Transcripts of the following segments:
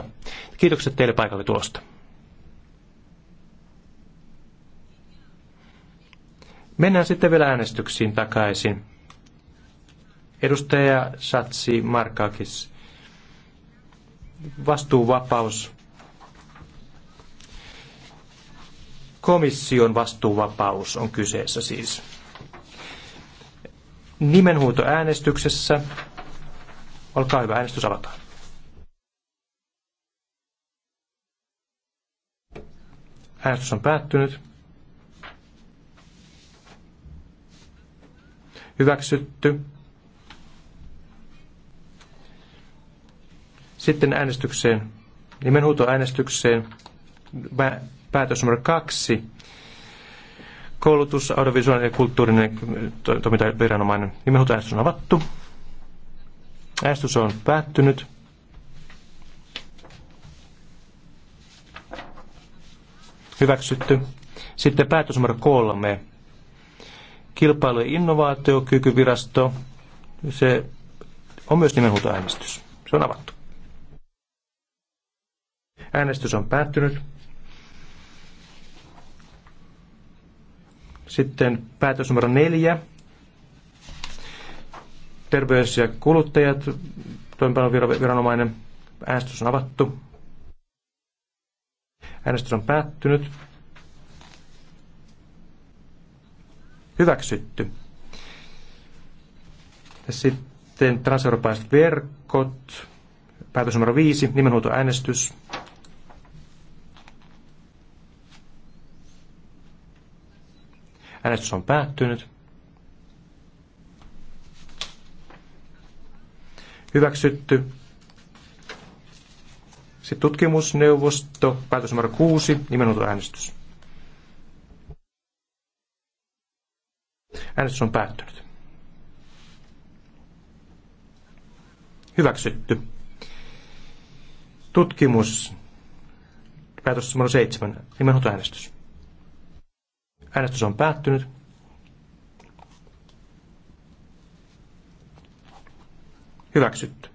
kanssa. Kiitokset teille paikalle tulosta. Mennään sitten vielä äänestyksiin takaisin. Edustaja Satsi Markakis. Vastuuvapaus. Komission vastuuvapaus on kyseessä siis. Nimenhuuto äänestyksessä. Olkaa hyvä, äänestys avataan. Äänestys on päättynyt. Hyväksytty. Sitten äänestykseen, nimenhuutoäänestykseen, päätös numero kaksi. Koulutus, audiovisuaalinen ja kulttuurinen toimintaviranomainen. Nimenhuutoäänestys on avattu. Äänestys on päättynyt. hyväksytty. Sitten päätös numero kolme. Kilpailu- ja innovaatiokykyvirasto, se on myös nimenhuutoäänestys. Se on avattu. Äänestys on päättynyt. Sitten päätös numero neljä. Terveys- ja kuluttajat, viranomainen äänestys on avattu. Äänestys on päättynyt. Hyväksytty. Ja Sitten transeurooppalaiset verkot. Päätös numero 5, äänestys. Äänestys on päättynyt. Hyväksytty. Sitten tutkimusneuvosto, päätös numero 6, nimenomaan Äänestys on päättynyt. Hyväksytty. Tutkimus, päätös numero 7, äänestys. Äänestys on päättynyt. Hyväksytty.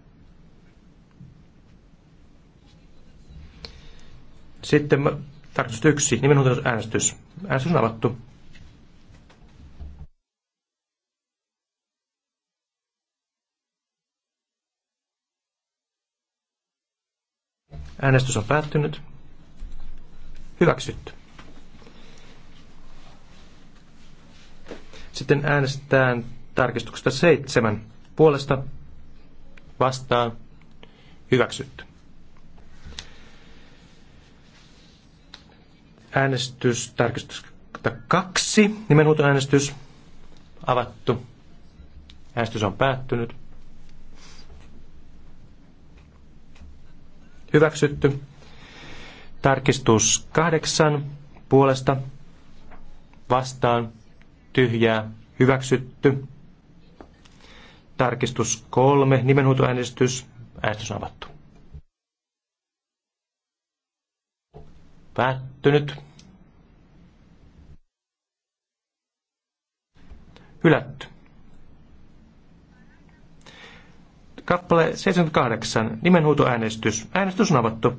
Sitten tarkistus yksi, nimenomaan äänestys. Äänestys on avattu. Äänestys on päättynyt. Hyväksytty. Sitten äänestetään tarkistuksesta seitsemän puolesta vastaan hyväksytty. äänestys tarkistus kaksi, nimenhuuton äänestys avattu. Äänestys on päättynyt. Hyväksytty. Tarkistus kahdeksan puolesta vastaan tyhjää hyväksytty. Tarkistus kolme, nimenhuutoäänestys, äänestys on avattu. Päättynyt. Hylätty. Kappale 78. Nimenhuutoäänestys. Äänestys on avattu.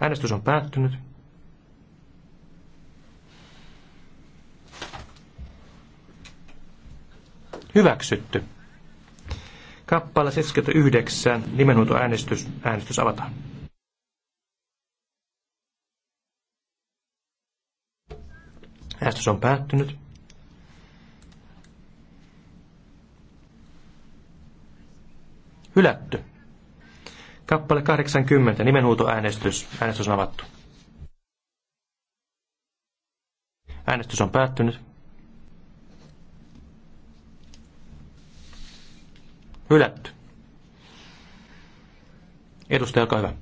Äänestys on päättynyt. Hyväksytty. Kappale 79. Nimenhuutoäänestys. Äänestys avataan. Äänestys on päättynyt. Hylätty. Kappale 80, nimenhuutoäänestys. Äänestys on avattu. Äänestys on päättynyt. Hylätty. Edustaja, olkaa hyvä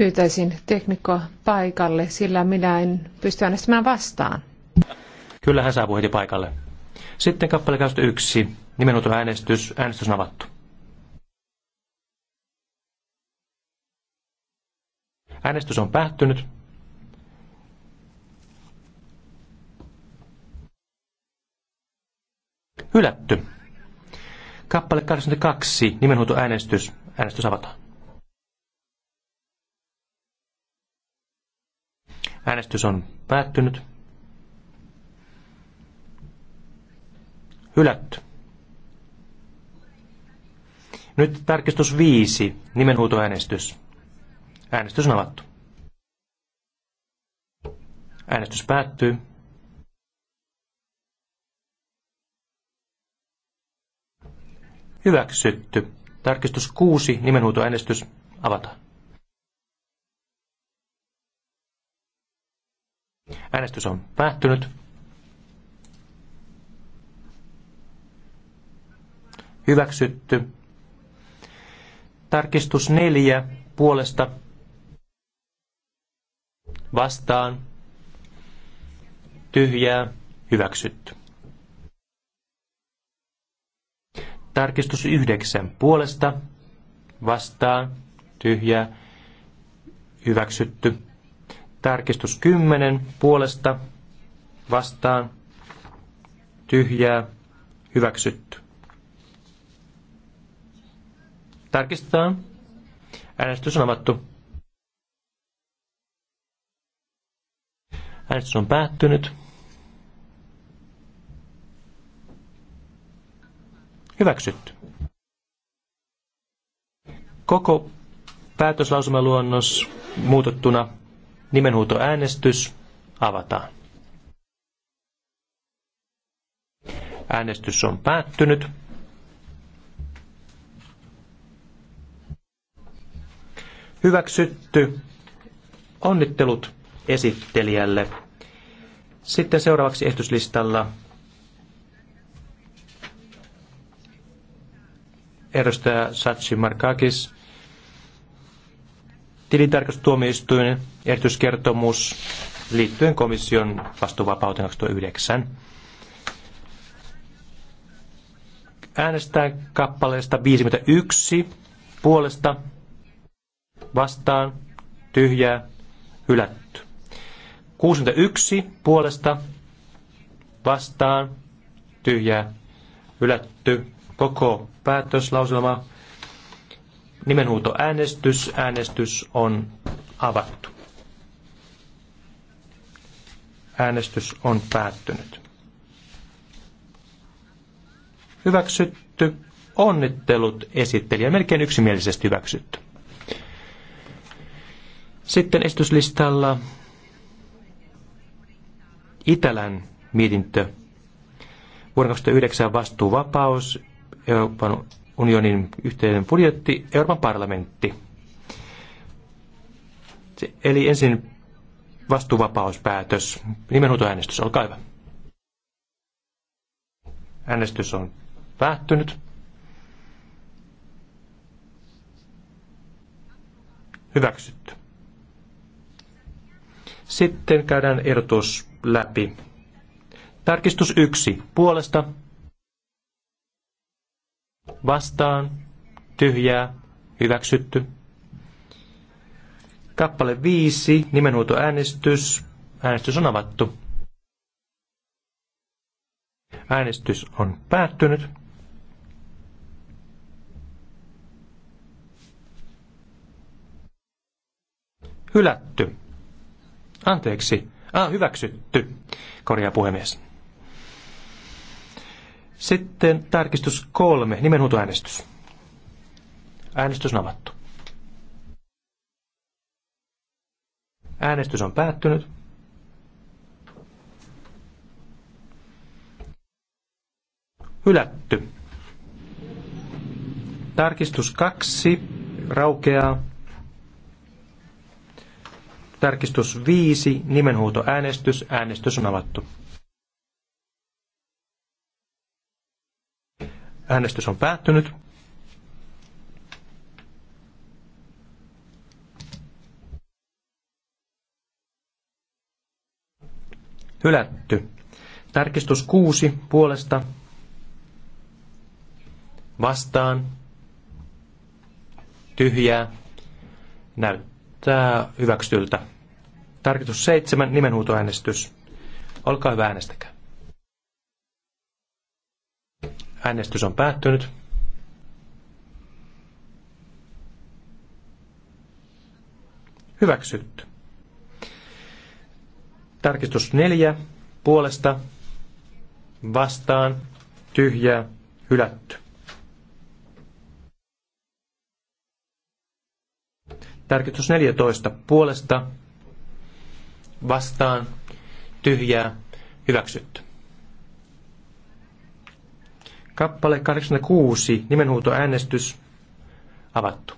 pyytäisin teknikko paikalle, sillä minä en pysty äänestämään vastaan. Kyllä hän saapui heti paikalle. Sitten kappale 21. Nimenuuton äänestys. Äänestys on avattu. Äänestys on päättynyt. Hylätty. Kappale 82. äänestys. Äänestys avataan. Äänestys on päättynyt. Hylätty. Nyt tarkistus 5, nimenhuutoäänestys. Äänestys on avattu. Äänestys päättyy. Hyväksytty. Tarkistus 6, nimenhuutoäänestys avataan. Äänestys on päättynyt. Hyväksytty. Tarkistus neljä puolesta vastaan tyhjää hyväksytty. Tarkistus yhdeksän puolesta vastaan tyhjää hyväksytty. Tarkistus 10 puolesta vastaan tyhjää hyväksytty. Tarkistetaan. Äänestys on avattu. Äänestys on päättynyt. Hyväksytty. Koko päätöslausumaluonnos muutettuna Nimenhuutoäänestys avataan. Äänestys on päättynyt. Hyväksytty. Onnittelut esittelijälle. Sitten seuraavaksi ehdotuslistalla edustaja Satsi Markakis tilintarkastustuomioistuin erityiskertomus liittyen komission vastuuvapauteen 2009. Äänestään kappaleesta 51 puolesta vastaan tyhjää hylätty. 61 puolesta vastaan tyhjää hylätty. Koko päätöslauselma Nimenhuuto äänestys. Äänestys on avattu. Äänestys on päättynyt. Hyväksytty. Onnittelut esittelijä. Melkein yksimielisesti hyväksytty. Sitten esityslistalla Itälän mietintö. Vuonna 2009 vastuuvapaus Euroopan unionin yhteinen budjetti, Euroopan parlamentti. Eli ensin vastuuvapauspäätös, nimenhuutoäänestys, olkaa hyvä. Äänestys on päättynyt. Hyväksytty. Sitten käydään ehdotus läpi. Tarkistus yksi Puolesta vastaan, tyhjää, hyväksytty. Kappale 5, äänestys, Äänestys on avattu. Äänestys on päättynyt. Hylätty. Anteeksi. Ah, hyväksytty, korjaa puhemies. Sitten tarkistus kolme, nimenhuutoäänestys. Äänestys on avattu. Äänestys on päättynyt. Hylätty. Tarkistus kaksi raukeaa. Tarkistus viisi nimenhuutoäänestys. Äänestys on avattu. Äänestys on päättynyt. Hylätty. Tarkistus kuusi puolesta vastaan tyhjää näyttää hyväksytyltä. Tarkistus seitsemän nimenhuutoäänestys. Olkaa hyvä, äänestäkää. Äänestys on päättynyt. Hyväksytty. Tarkistus neljä puolesta vastaan tyhjää hylätty. Tarkistus 14 puolesta vastaan tyhjää hyväksytty. Kappale 86, nimenhuutoäänestys avattu.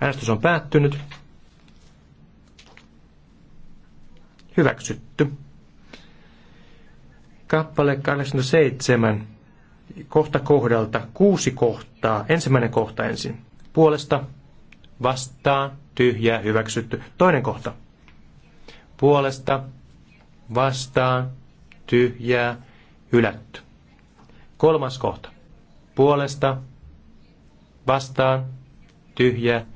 Äänestys on päättynyt. Hyväksytty. Kappale 87, kohta kohdalta, kuusi kohtaa. Ensimmäinen kohta ensin. Puolesta, vastaan, tyhjää, hyväksytty. Toinen kohta. Puolesta, vastaan, tyhjää, hylätty. Kolmas kohta. Puolesta, vastaan, tyhjä,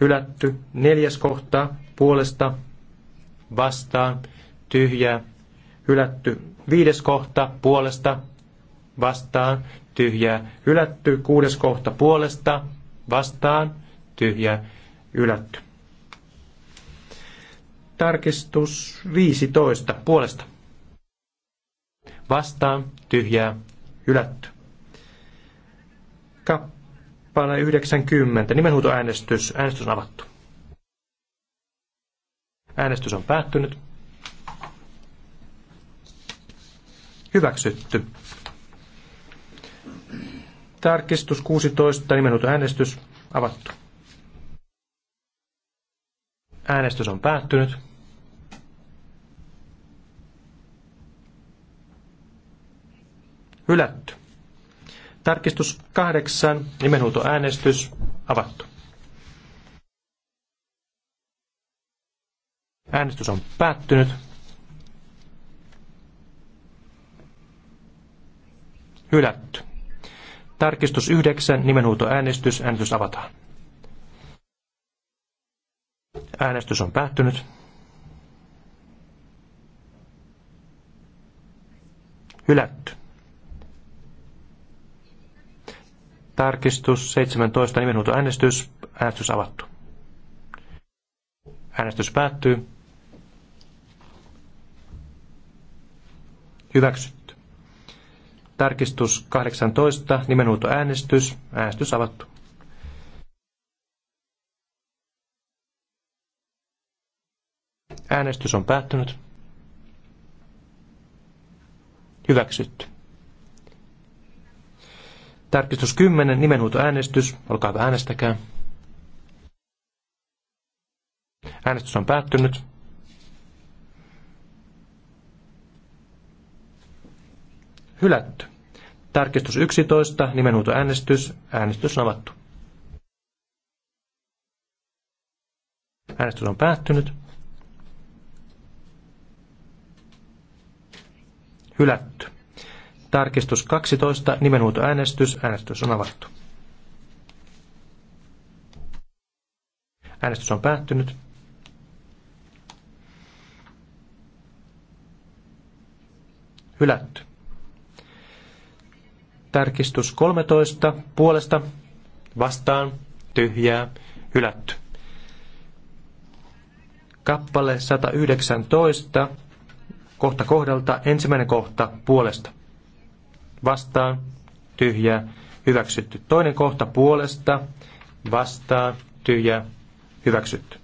hylätty. Neljäs kohta. Puolesta, vastaan, tyhjä, hylätty. Viides kohta. Puolesta, vastaan, tyhjä, hylätty. Kuudes kohta. Puolesta, vastaan, tyhjä, hylätty. Tarkistus 15. Puolesta vastaan, tyhjää, hylätty. Kappale 90, nimenhuutoäänestys, äänestys on avattu. Äänestys on päättynyt. Hyväksytty. Tarkistus 16, nimenhuutoäänestys, avattu. Äänestys on päättynyt. Hylätty. Tarkistus kahdeksan, nimenhuutoäänestys, avattu. Äänestys on päättynyt. Hylätty. Tarkistus yhdeksän nimenhuutoäänestys, äänestys avataan. Äänestys on päättynyt. Hylätty. Tarkistus 17, nimenhuuto äänestys. Äänestys avattu. Äänestys päättyy. Hyväksytty. Tarkistus 18, nimenhuuto äänestys. Äänestys avattu. Äänestys on päättynyt. Hyväksytty. Tarkistus 10, nimenhuutoäänestys. Olkaa hyvä, äänestäkää. Äänestys on päättynyt. Hylätty. Tarkistus 11, nimenhuutoäänestys. Äänestys on avattu. Äänestys on päättynyt. Hylätty. Tarkistus 12, nimenhuuto äänestys. Äänestys on avattu. Äänestys on päättynyt. Hylätty. Tarkistus 13, puolesta, vastaan, tyhjää, hylätty. Kappale 119, kohta kohdalta, ensimmäinen kohta, puolesta vastaan, tyhjä, hyväksytty. Toinen kohta puolesta, vastaan, tyhjä, hyväksytty.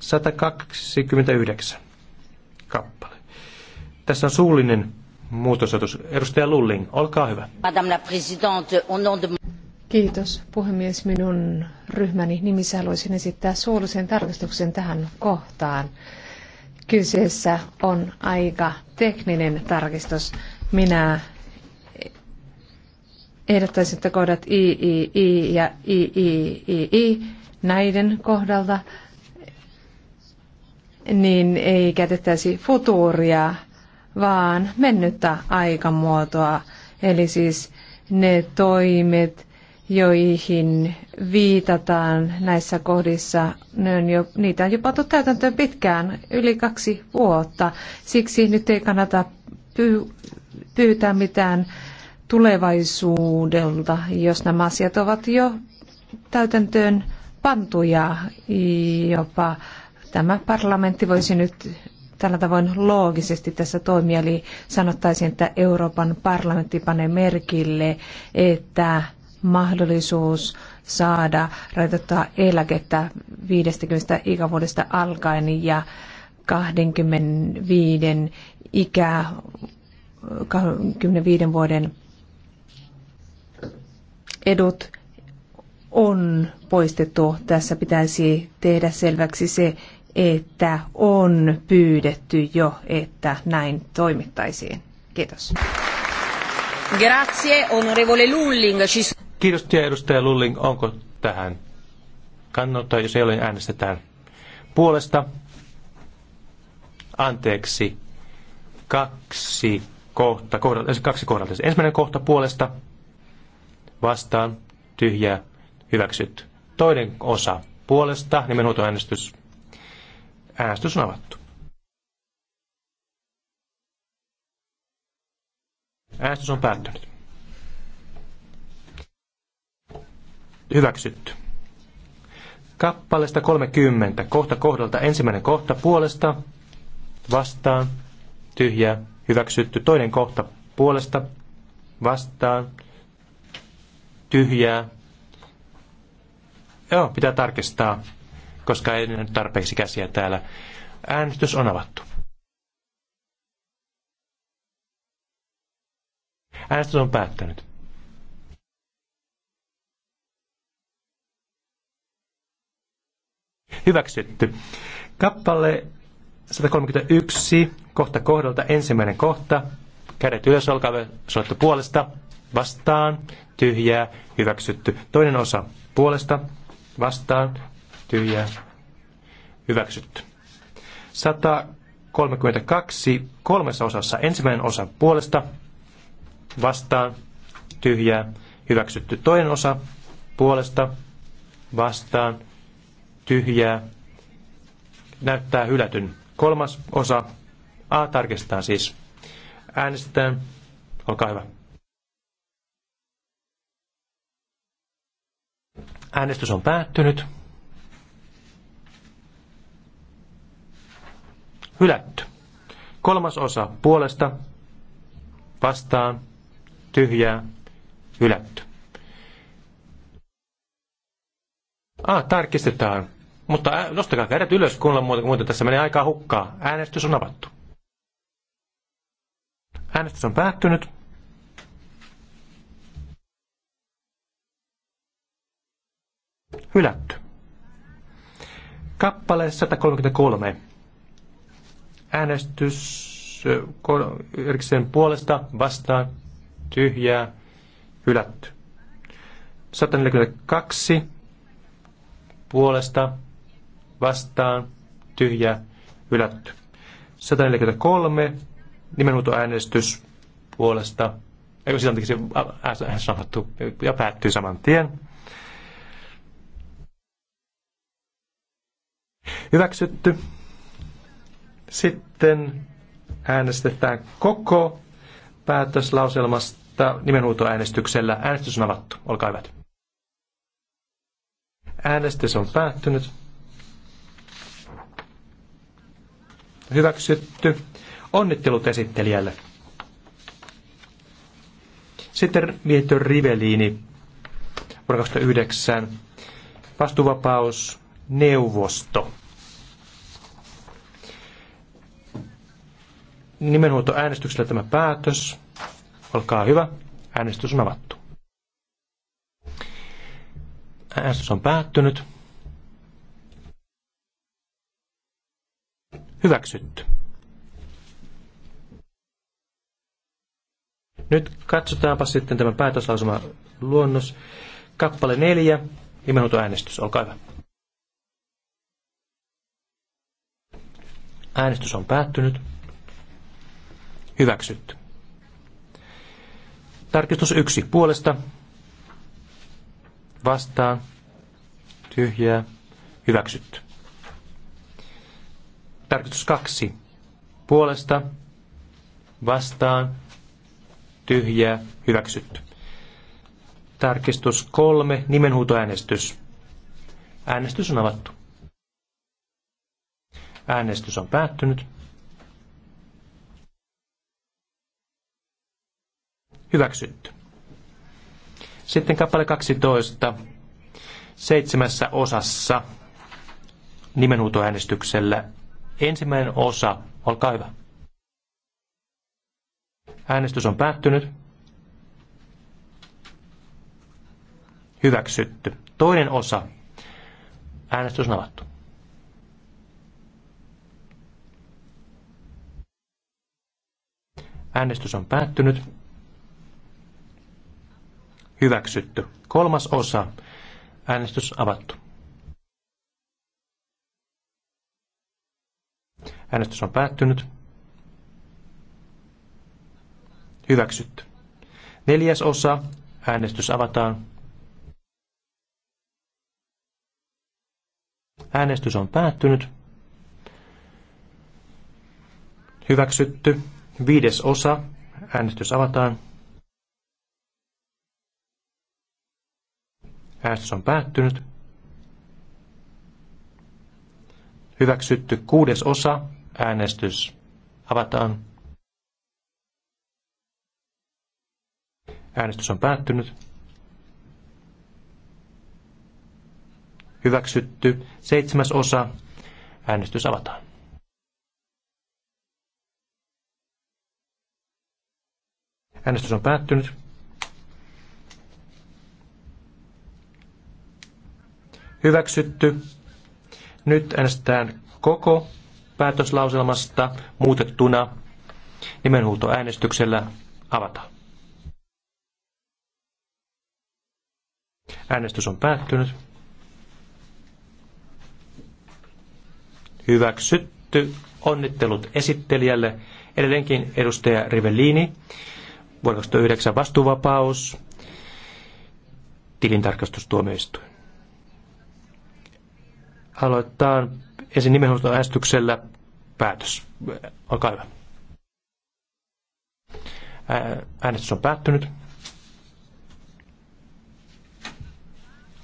129 kappale. Tässä on suullinen muutosotus. Edustaja Lulling, olkaa hyvä. Madame la présidente, on de... Kiitos puhemies. Minun ryhmäni nimissä haluaisin esittää suullisen tarkastuksen tähän kohtaan. Kyseessä on aika tekninen tarkistus minä ehdottaisin, että kohdat I, I, I ja I, I, I, I näiden kohdalta, niin ei käytettäisi futuuria, vaan mennyttä aikamuotoa, eli siis ne toimet, joihin viitataan näissä kohdissa, ne on jo, niitä on jo pantu täytäntöön pitkään, yli kaksi vuotta. Siksi nyt ei kannata pyytää mitään tulevaisuudelta, jos nämä asiat ovat jo täytäntöön pantuja. Jopa tämä parlamentti voisi nyt tällä tavoin loogisesti tässä toimia, eli sanottaisiin, että Euroopan parlamentti panee merkille, että mahdollisuus saada rajoittaa eläkettä 50 ikävuodesta alkaen ja 25 ikä 25 vuoden edut on poistettu. Tässä pitäisi tehdä selväksi se, että on pyydetty jo, että näin toimittaisiin. Kiitos. Grazie, onorevole Lulling. Kiitos, edustaja Lulling. Onko tähän kannalta, jos ei ole, niin äänestetään puolesta. Anteeksi. Kaksi kohta, kohdalta, kaksi kohdalta. Siis ensimmäinen kohta puolesta vastaan tyhjää hyväksytty. Toinen osa puolesta nimenhuutoäänestys. Äänestys on avattu. Äänestys on päättynyt. Hyväksytty. Kappaleesta 30, kohta kohdalta ensimmäinen kohta puolesta, vastaan, tyhjää, Hyväksytty toinen kohta puolesta vastaan tyhjää. Joo, pitää tarkistaa, koska ei nyt tarpeeksi käsiä täällä. Äänestys on avattu. Äänestys on päättänyt. Hyväksytty. Kappale 131 kohta kohdalta ensimmäinen kohta. Kädet ylös, olkaa soittu puolesta, vastaan, tyhjää, hyväksytty. Toinen osa puolesta, vastaan, tyhjää, hyväksytty. 132 kolmessa osassa. Ensimmäinen osa puolesta, vastaan, tyhjää, hyväksytty. Toinen osa puolesta, vastaan, tyhjää, näyttää hylätyn. Kolmas osa A tarkistetaan siis. Äänestetään. Olkaa hyvä. Äänestys on päättynyt. Hylätty. Kolmas osa puolesta, vastaan, tyhjää, hylätty. Ah, tarkistetaan. Mutta nostakaa kädet ylös, kun muuten, muuten tässä menee aikaa hukkaa. Äänestys on avattu. Äänestys on päättynyt. Hylätty. Kappale 133. Äänestys erikseen puolesta vastaan tyhjää hylätty. 142 puolesta vastaan tyhjää hylätty. 143 nimenhuutoäänestys puolesta, ei siis anteeksi, sanottu ja päättyy saman tien. Hyväksytty. Sitten äänestetään koko päätöslauselmasta nimenhuutoäänestyksellä. Äänestys on avattu. Olkaa hyvät. Äänestys on päättynyt. Hyväksytty. Onnittelut esittelijälle. Sitten mietintö Riveliini vuonna 2009. Vastuvapaus, neuvosto. Nimenhuolto äänestyksellä tämä päätös. Olkaa hyvä. Äänestys on avattu. Äänestys on päättynyt. Hyväksytty. Nyt katsotaanpa sitten tämä päätöslausuma luonnos. Kappale neljä, äänestys, olkaa hyvä. Äänestys on päättynyt. Hyväksytty. Tarkistus yksi puolesta. Vastaan. Tyhjää. Hyväksytty. Tarkistus kaksi puolesta. Vastaan tyhjää, hyväksytty. Tarkistus kolme, nimenhuutoäänestys. Äänestys on avattu. Äänestys on päättynyt. Hyväksytty. Sitten kappale 12. Seitsemässä osassa nimenhuutoäänestyksellä. Ensimmäinen osa, olkaa hyvä. Äänestys on päättynyt. Hyväksytty. Toinen osa. Äänestys on avattu. Äänestys on päättynyt. Hyväksytty. Kolmas osa. Äänestys avattu. Äänestys on päättynyt. Hyväksytty. Neljäs osa. Äänestys avataan. Äänestys on päättynyt. Hyväksytty. Viides osa. Äänestys avataan. Äänestys on päättynyt. Hyväksytty kuudes osa. Äänestys avataan. Äänestys on päättynyt. Hyväksytty. Seitsemäs osa. Äänestys avataan. Äänestys on päättynyt. Hyväksytty. Nyt äänestetään koko päätöslauselmasta muutettuna nimenhuutoäänestyksellä avataan. Äänestys on päättynyt. Hyväksytty. Onnittelut esittelijälle. Edelleenkin edustaja Rivellini. Vuonna 2009 vastuuvapaus. Tilintarkastustuomioistuin. Aloitetaan ensin äänestyksellä päätös. Olkaa hyvä. Äänestys on päättynyt.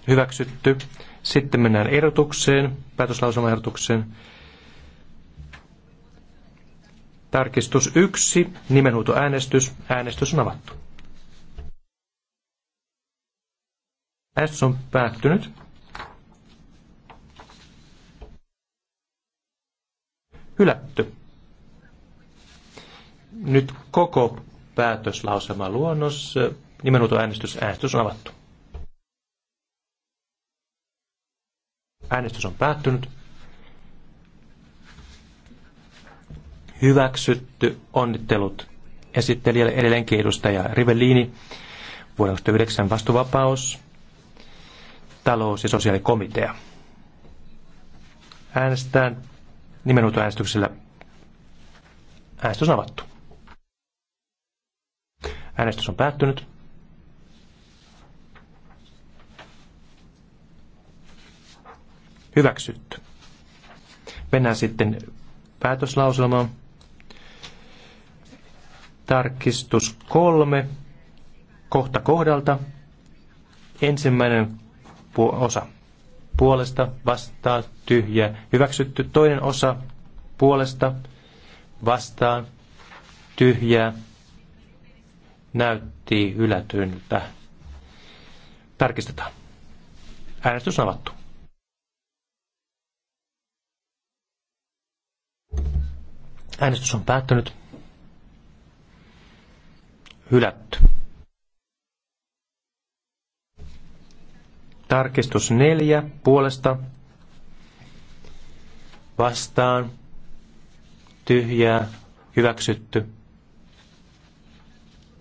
hyväksytty. Sitten mennään erotukseen, päätöslauselmaehdotukseen. Tarkistus 1, nimenhuutoäänestys. Äänestys on avattu. Äänestys on päättynyt. Hylätty. Nyt koko päätöslauselma luonnos, nimenhuutoäänestys. Äänestys on avattu. Äänestys on päättynyt. Hyväksytty. Onnittelut esittelijälle edelleenkin edustaja Rivellini. Vuoden 2009 vastuvapaus. Talous- ja sosiaalikomitea. Äänestetään äänestyksellä. Äänestys on avattu. Äänestys on päättynyt. Hyväksytty. Mennään sitten päätöslauselmaan. Tarkistus kolme. Kohta kohdalta. Ensimmäinen osa. Puolesta, vastaa tyhjä, hyväksytty. Toinen osa. Puolesta, vastaan, tyhjä, näytti ylätyltä. Tarkistetaan. Äänestys on avattu. Äänestys on päättynyt. Hylätty. Tarkistus neljä puolesta. Vastaan. Tyhjää. Hyväksytty.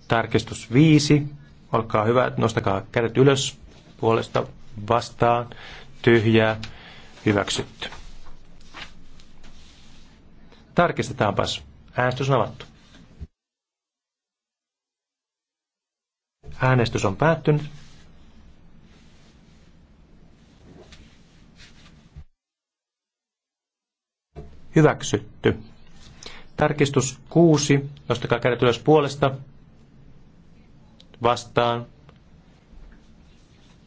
Tarkistus viisi. Olkaa hyvä, nostakaa kädet ylös puolesta vastaan. Tyhjää. Hyväksytty. Tarkistetaanpas. Äänestys on avattu. Äänestys on päättynyt. Hyväksytty. Tarkistus 6. Nostakaa kädet ylös puolesta. Vastaan.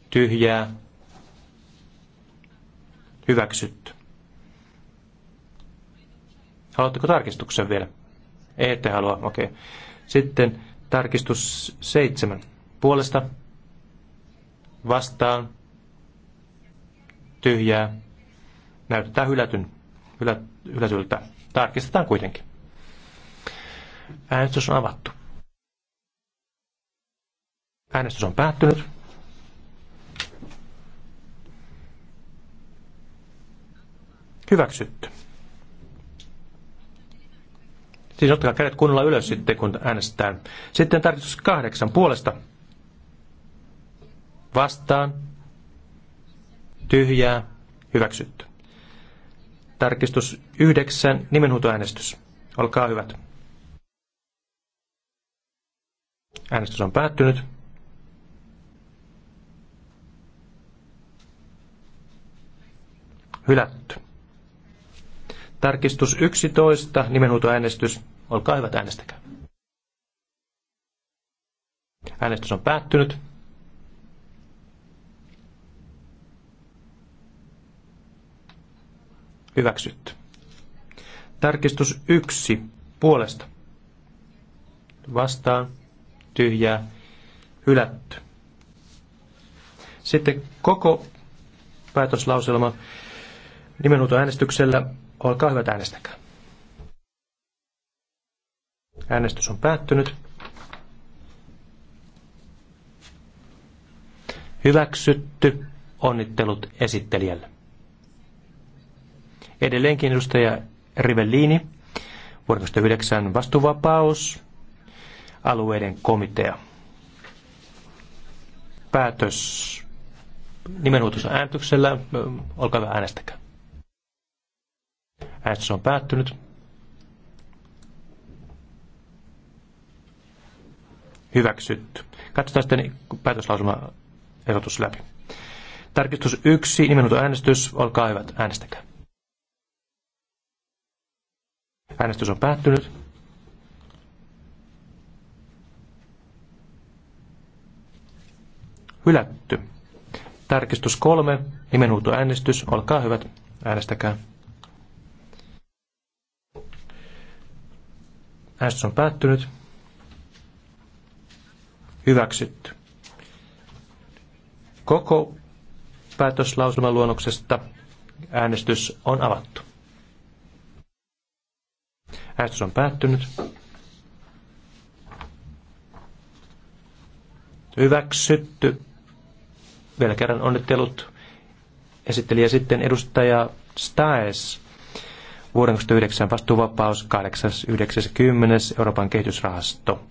Tyhjää. Hyväksytty. Haluatteko tarkistuksen vielä? Ette halua, okei. Okay. Sitten tarkistus seitsemän. Puolesta vastaan tyhjää. Näytetään hylätyn, hylä, hylätyltä. Tarkistetaan kuitenkin. Äänestys on avattu. Äänestys on päättynyt. Hyväksytty. Siis ottakaa kädet kunnolla ylös sitten, kun äänestetään. Sitten tarkistus kahdeksan puolesta. Vastaan. Tyhjää. Hyväksytty. Tarkistus yhdeksän. Nimenhuutoäänestys. Olkaa hyvät. Äänestys on päättynyt. Hylätty. Tarkistus 11, nimenhuutoäänestys. Olkaa hyvät, äänestäkää. Äänestys on päättynyt. Hyväksytty. Tarkistus 1 puolesta. Vastaan. Tyhjää. Hylätty. Sitten koko päätöslauselma nimenhuutoäänestyksellä Olkaa hyvät, äänestäkää. Äänestys on päättynyt. Hyväksytty. Onnittelut esittelijälle. Edelleenkin edustaja Rivellini, vuoden 2009 vastuvapaus, alueiden komitea. Päätös nimenhuutossa äänestyksellä. Olkaa hyvä, äänestäkää. Äänestys on päättynyt. Hyväksytty. Katsotaan sitten päätöslausuma ehdotus läpi. Tarkistus 1, nimenomaan äänestys. Olkaa hyvät, äänestäkää. Äänestys on päättynyt. Hylätty. Tarkistus 3, nimenhuuto äänestys. Olkaa hyvät, äänestäkää. Äänestys on päättynyt. Hyväksytty. Koko päätöslauselman luonnoksesta äänestys on avattu. Äänestys on päättynyt. Hyväksytty. Vielä kerran onnittelut. Esittelijä sitten edustaja Staes vuoden 2009 vastuuvapaus 8.9.10. Euroopan kehitysrahasto.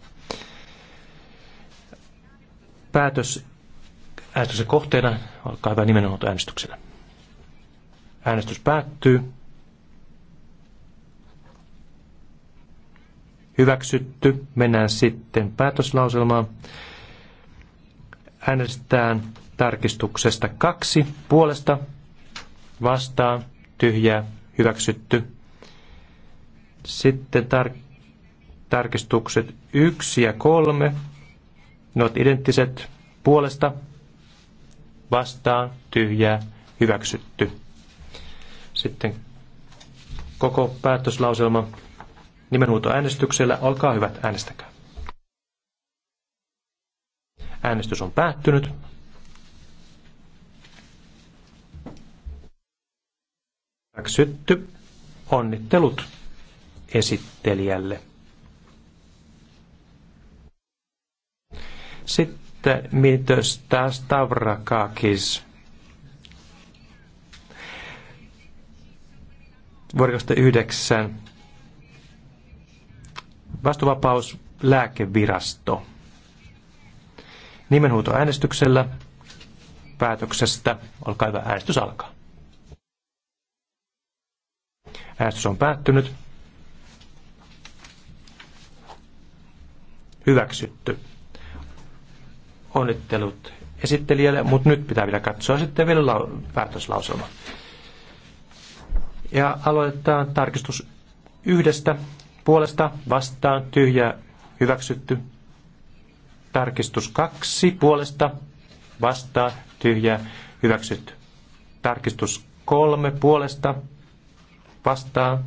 Päätös äänestyksen kohteena, olkaa hyvä nimenomaan äänestyksellä. Äänestys päättyy. Hyväksytty. Mennään sitten päätöslauselmaan. Äänestetään tarkistuksesta kaksi puolesta vastaan tyhjää hyväksytty. Sitten tar- tarkistukset 1 ja 3, ne ovat identtiset puolesta, vastaan, tyhjää, hyväksytty. Sitten koko päätöslauselma äänestyksellä Olkaa hyvät, äänestäkää. Äänestys on päättynyt. Hyväksytty. Onnittelut esittelijälle. Sitten mitös tämä Stavrakakis? Vuodesta yhdeksän. vastuvapaus lääkevirasto. Nimenhuuto äänestyksellä päätöksestä. Olkaa hyvä, äänestys alkaa. Äänestys on päättynyt. Hyväksytty. Onnittelut esittelijälle, mutta nyt pitää vielä katsoa sitten vielä lau- päätöslauselma. Ja aloitetaan tarkistus yhdestä puolesta vastaan tyhjä hyväksytty. Tarkistus kaksi puolesta vastaan tyhjä hyväksytty. Tarkistus kolme puolesta vastaa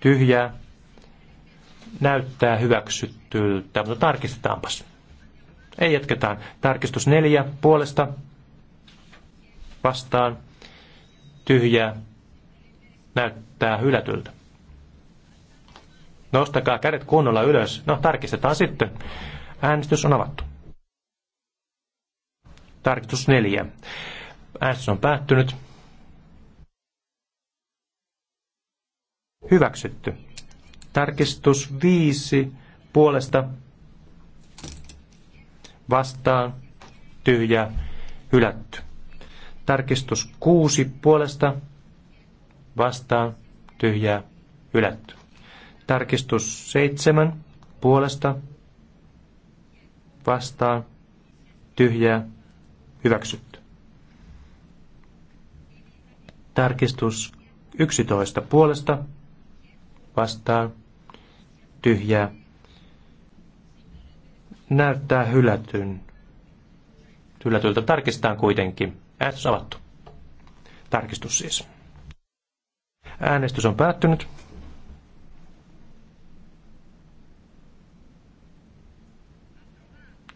tyhjää näyttää hyväksyttyltä, mutta tarkistetaanpas. Ei jatketaan. Tarkistus neljä puolesta vastaan tyhjää näyttää hylätyltä. Nostakaa kädet kunnolla ylös. No, tarkistetaan sitten. Äänestys on avattu. Tarkistus neljä. Äänestys on päättynyt. hyväksytty. Tarkistus 5 puolesta vastaan tyhjä hylätty. Tarkistus 6 puolesta vastaan tyhjä hylätty. Tarkistus 7 puolesta vastaan tyhjä hyväksytty. Tarkistus 11 puolesta Vastaa tyhjää näyttää hylätyn. Hylätyltä tarkistetaan kuitenkin. Äänestys avattu. Tarkistus siis. Äänestys on päättynyt.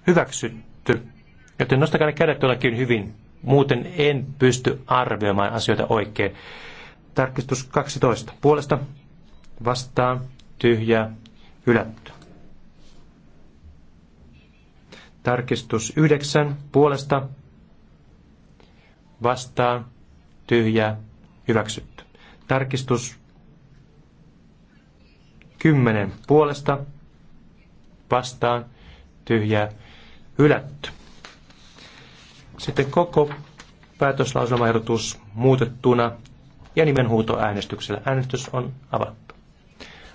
Hyväksytty. Joten nostakaa ne kädet tuollakin hyvin. Muuten en pysty arvioimaan asioita oikein. Tarkistus 12. Puolesta vastaa tyhjä hylätty. Tarkistus yhdeksän puolesta vastaa tyhjä hyväksytty. Tarkistus kymmenen puolesta vastaan, tyhjä hylätty. Sitten koko päätöslauselmaehdotus muutettuna ja nimenhuutoäänestyksellä. Äänestys on avattu.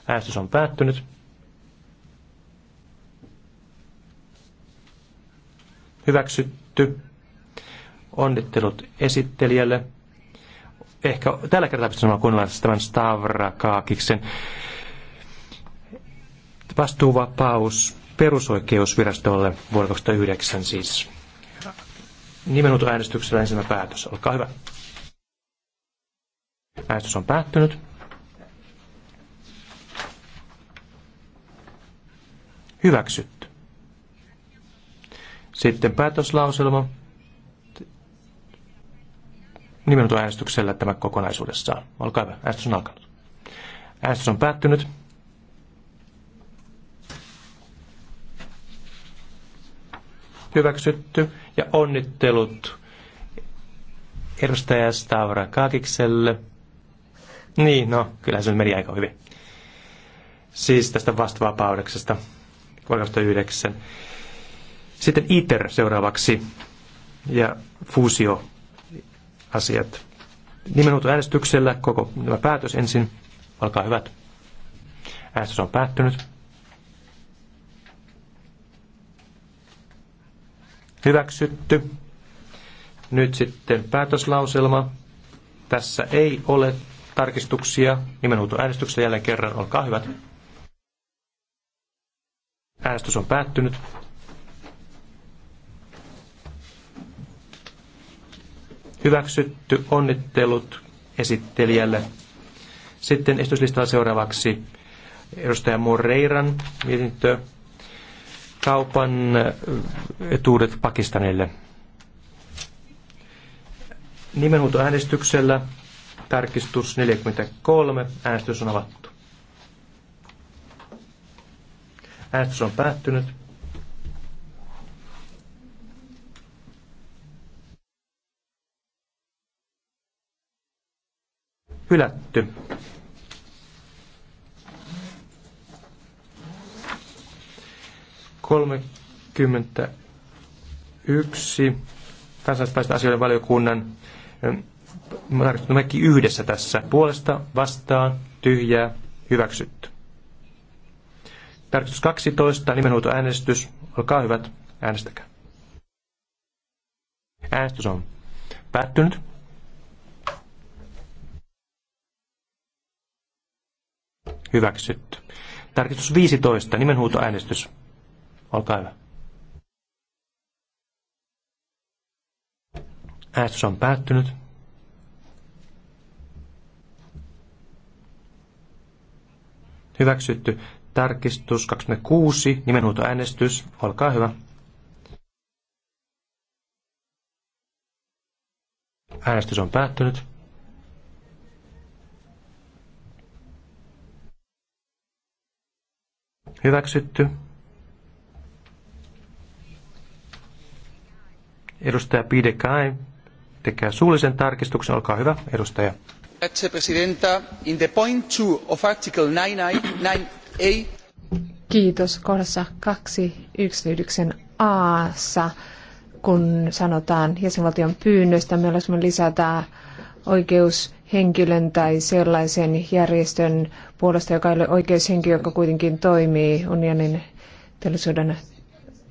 Äänestys on päättynyt. Hyväksytty. Onnittelut esittelijälle. Ehkä tällä kertaa pitäisi sanoa kuunnella tämän Stavrakaakiksen vastuuvapaus perusoikeusvirastolle vuonna 2009 siis. Nimenhuutoäänestyksellä ensimmäinen päätös. Olkaa hyvä. Äänestys on päättynyt. Hyväksytty. Sitten päätöslauselma. nimenomaan äänestyksellä tämä kokonaisuudessaan. Olkaa hyvä. Äänestys on alkanut. Äänestys on päättynyt. Hyväksytty. Ja onnittelut edustaja Stavra Kaakikselle. Niin, no, kyllä se meni aika hyvin. Siis tästä vastavapaudeksesta vuonna Sitten ITER seuraavaksi ja fuusioasiat. Nimenhuuto äänestyksellä koko tämä päätös ensin. Olkaa hyvät. Äänestys on päättynyt. Hyväksytty. Nyt sitten päätöslauselma. Tässä ei ole tarkistuksia. Nimenhuuto äänestyksellä jälleen kerran. Olkaa hyvät. Äänestys on päättynyt. Hyväksytty. Onnittelut esittelijälle. Sitten esityslistalla seuraavaksi edustaja Moreiran mietintö kaupan eh, etuudet Pakistanille. Nimenhuutoäänestyksellä tarkistus 43. Äänestys on avattu. Äänestys on päättynyt. Hylätty. Kolmekymmentä yksi kansalaispäistä asioiden valiokunnan mekki yhdessä tässä. Puolesta, vastaan, tyhjää, hyväksytty. Tarkistus 12, nimenhuutoäänestys. Olkaa hyvät, äänestäkää. Äänestys on päättynyt. Hyväksytty. Tarkistus 15, nimenhuutoäänestys. Olkaa hyvä. Äänestys on päättynyt. Hyväksytty. Tarkistus 26, nimenhuutoäänestys. Olkaa hyvä. Äänestys on päättynyt. Hyväksytty. Edustaja Pidekai tekee suullisen tarkistuksen. Olkaa hyvä, edustaja. Presidenta, in the point two of article 99, ei. Kiitos. Kohdassa kaksi yksityisen aassa, kun sanotaan jäsenvaltion pyynnöstä, me olisimme lisätä oikeushenkilön tai sellaisen järjestön puolesta, joka ei ole oikeushenkilö, joka kuitenkin toimii unionin teollisuuden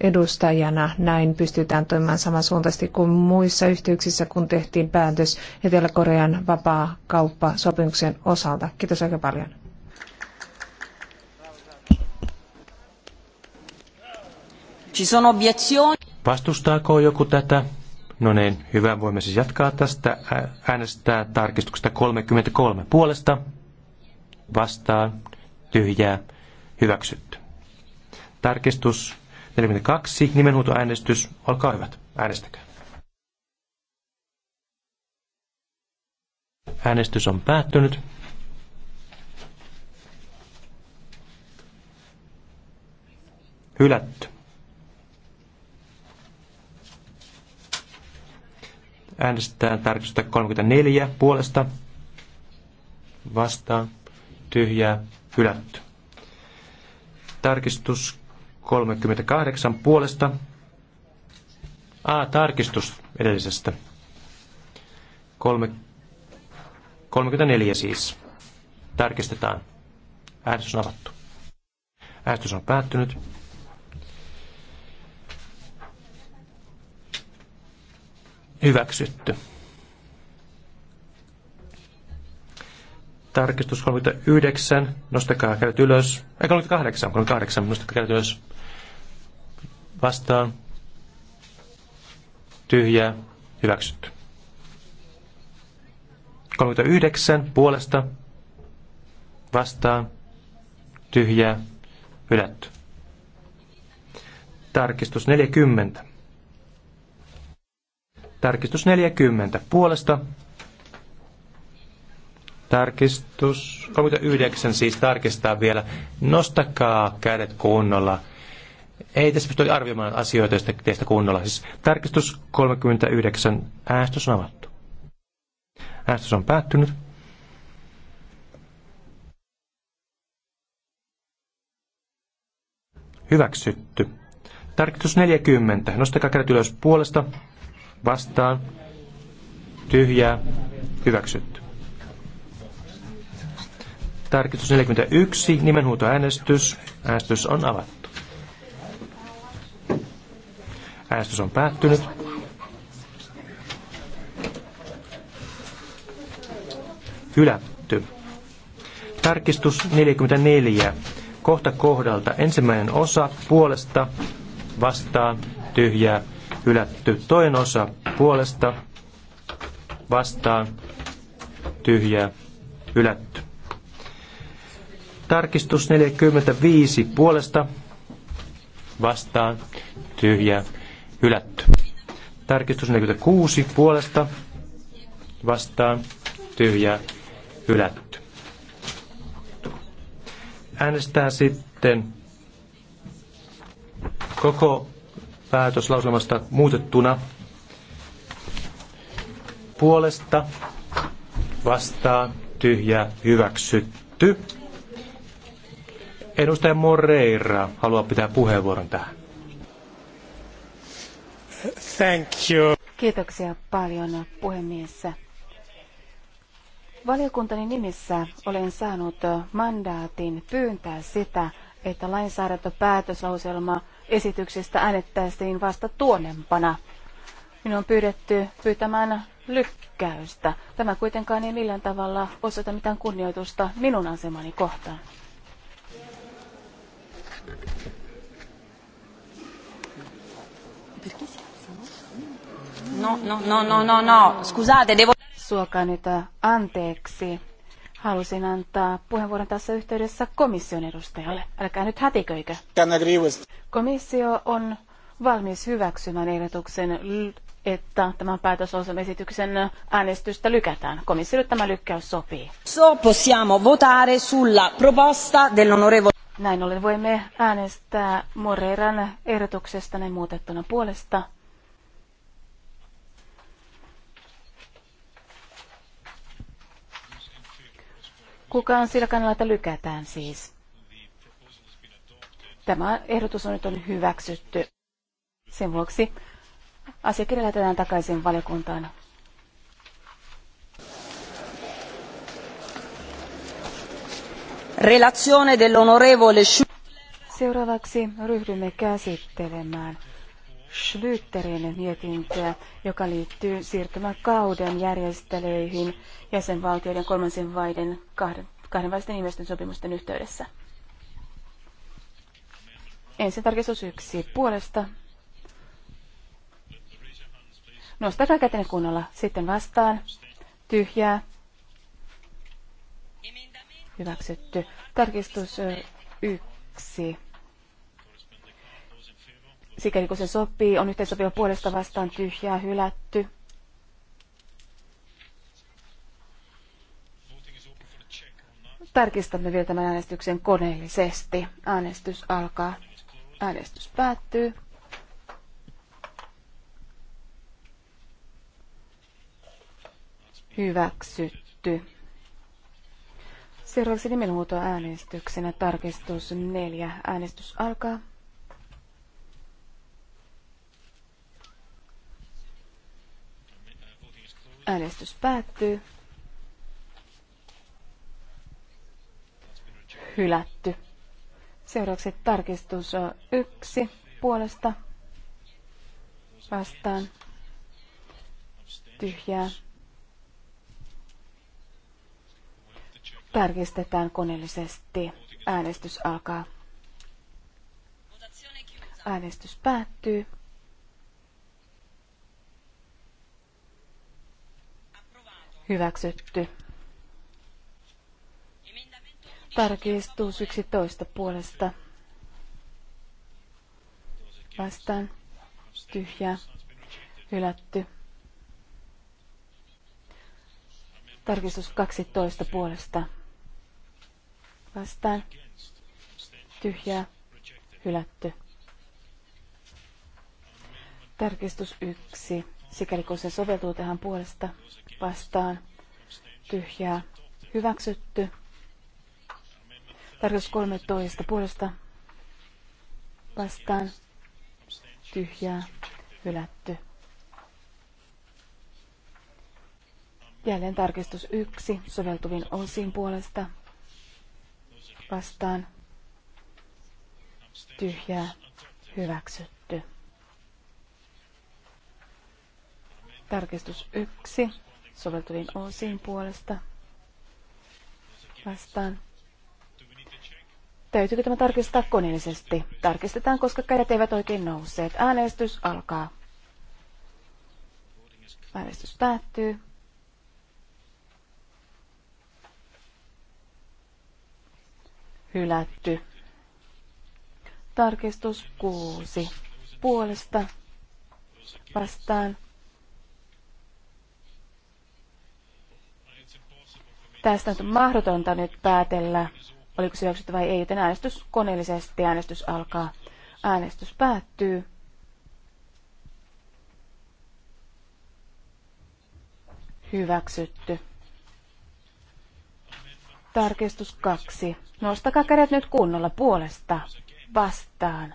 edustajana. Näin pystytään toimimaan samansuuntaisesti kuin muissa yhteyksissä, kun tehtiin päätös Etelä-Korean vapaa-kauppasopimuksen osalta. Kiitos oikein paljon. Ci sono obiezioni? Vastustaako joku tätä? No niin, hyvä. Voimme siis jatkaa tästä. Äänestää tarkistuksesta 33 puolesta. Vastaan. Tyhjää. Hyväksytty. Tarkistus 42. Nimenhuutoäänestys. Olkaa hyvät. Äänestäkää. Äänestys on päättynyt. Hylätty. Äänestetään tarkistusta 34 puolesta. Vastaan. Tyhjää. Hylätty. Tarkistus 38 puolesta. A, tarkistus edellisestä. Kolme, 34 siis. Tarkistetaan. Äänestys on avattu. Äänestys on päättynyt. Hyväksytty. Tarkistus 39, nostakaa kädet ylös. Ei 38, 38, nostakaa kädet ylös. Vastaan. Tyhjää. Hyväksytty. 39 puolesta vastaan tyhjää hylätty. Tarkistus 40 Tarkistus 40 puolesta. Tarkistus 39 siis tarkistaa vielä. Nostakaa kädet kunnolla. Ei tässä pysty arvioimaan asioita teistä kunnolla. Siis tarkistus 39. Äänestys on avattu. Äänestys on päättynyt. Hyväksytty. Tarkistus 40. Nostakaa kädet ylös puolesta vastaan, tyhjää, hyväksytty. Tarkistus 41, nimenhuutoäänestys. Äänestys on avattu. Äänestys on päättynyt. Hylätty. Tarkistus 44. Kohta kohdalta ensimmäinen osa puolesta vastaan tyhjää hylätty. Toinen osa puolesta vastaan tyhjää hylätty. Tarkistus 45 puolesta vastaan tyhjää hylätty. Tarkistus 46 puolesta vastaan tyhjää hylätty. Äänestää sitten koko päätöslauselmasta muutettuna puolesta vastaa tyhjä hyväksytty. Edustaja Moreira haluaa pitää puheenvuoron tähän. Thank you. Kiitoksia paljon puhemies. Valiokuntani nimissä olen saanut mandaatin pyyntää sitä, että lainsäädäntöpäätöslauselma päätöslauselma esityksestä äänettäisiin vasta tuonempana. Minun on pyydetty pyytämään lykkäystä. Tämä kuitenkaan ei millään tavalla osoita mitään kunnioitusta minun asemani kohtaan. No, no, no, no, no, no. Scusate, devo... Suokaa nyt äh, anteeksi. Halusin antaa puheenvuoron tässä yhteydessä komission edustajalle. Älkää nyt hätiköikö. Komissio on valmis hyväksymään ehdotuksen, että tämän päätösosamesityksen äänestystä lykätään. Komissiolle tämä lykkäys sopii. So possiamo votare sulla proposta dell'onorevole. Näin ollen voimme äänestää Moreran ehdotuksesta ne muutettuna puolesta Kuka on sillä kannalla, että lykätään siis? Tämä ehdotus on nyt on hyväksytty. Sen vuoksi asiakirja lähetetään takaisin valiokuntaan Relazione dell'onorevole Seuraavaksi ryhdymme käsittelemään Schlüterin mietintöä, joka liittyy siirtymäkauden järjestelyihin jäsenvaltioiden kolmansien vaiden kahden, kahdenvälisten sopimusten yhteydessä. Ensin tarkistus yksi puolesta. Nostakaa kätenne kunnolla. Sitten vastaan. Tyhjää. Hyväksytty. Tarkistus yksi sikäli kun se sopii, on yhteensopiva puolesta vastaan tyhjää hylätty. Tarkistamme vielä tämän äänestyksen koneellisesti. Äänestys alkaa. Äänestys päättyy. Hyväksytty. Seuraavaksi nimenhuuto äänestyksenä tarkistus neljä Äänestys alkaa. Äänestys päättyy. Hylätty. Seuraavaksi tarkistus yksi puolesta vastaan tyhjää. Tarkistetaan koneellisesti. Äänestys alkaa. Äänestys päättyy. Hyväksytty. Tarkistus 11 puolesta. Vastaan. tyhjä Hylätty. Tarkistus 12 puolesta. Vastaan. tyhjä Hylätty. Tarkistus 1. Sikäli kun se soveltuu tähän puolesta vastaan tyhjää hyväksytty. Tarkoitus 13 puolesta vastaan tyhjää hylätty. Jälleen tarkistus 1 soveltuvin osin puolesta vastaan tyhjää hyväksytty. Tarkistus 1 soveltuviin osiin puolesta vastaan. Täytyykö tämä tarkistaa koneellisesti? Tarkistetaan, koska kädet eivät oikein nousseet. Äänestys alkaa. Äänestys päättyy. Hylätty. Tarkistus 6. Puolesta vastaan Tästä on mahdotonta nyt päätellä, oliko se hyväksytty vai ei, joten äänestys koneellisesti äänestys alkaa. Äänestys päättyy. Hyväksytty. Tarkistus kaksi. Nostakaa kädet nyt kunnolla puolesta. Vastaan.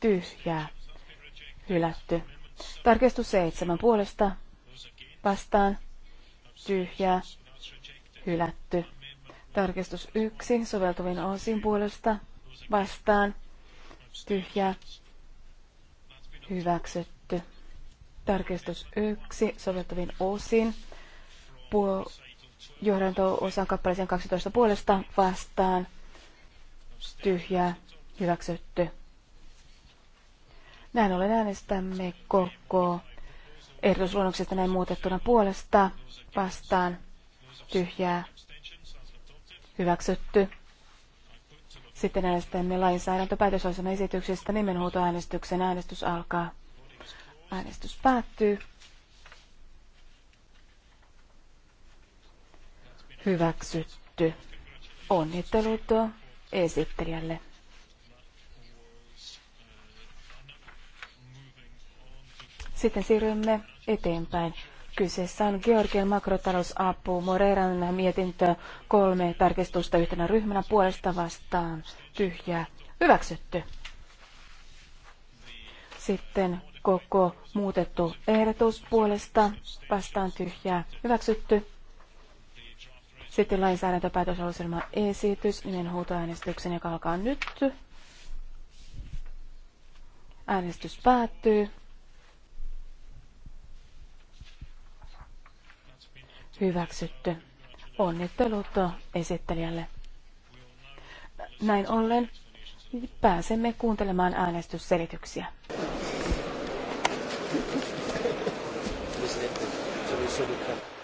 Tyhjää. Hylätty. Tarkistus seitsemän puolesta. Vastaan. Tyhjää hylätty. Tarkistus 1 soveltuvin osin puolesta vastaan tyhjä hyväksytty. Tarkistus 1 soveltuvin osin puo- johdanto-osan kappaleeseen 12 puolesta vastaan tyhjä hyväksytty. Näin ollen äänestämme koko ehdotusluonnoksesta näin muutettuna puolesta vastaan tyhjää, hyväksytty. Sitten äänestämme lainsäädäntöpäätösosan esityksestä nimenhuutoäänestyksen. Äänestys alkaa. Äänestys päättyy. Hyväksytty. Onnittelut esittelijälle. Sitten siirrymme eteenpäin. Kyseessä on Georgian makrotalousapu, Moreran mietintö, kolme tarkistusta yhtenä ryhmänä puolesta vastaan, tyhjää, hyväksytty. Sitten koko muutettu ehdotus puolesta vastaan tyhjää, hyväksytty. Sitten lainsäädäntöpäätösaluselma esitys nimen huutoäänestyksen, joka alkaa nyt. Äänestys päättyy. Hyväksytty. Onnittelut esittelijälle. Näin ollen pääsemme kuuntelemaan äänestysselityksiä. Thank you.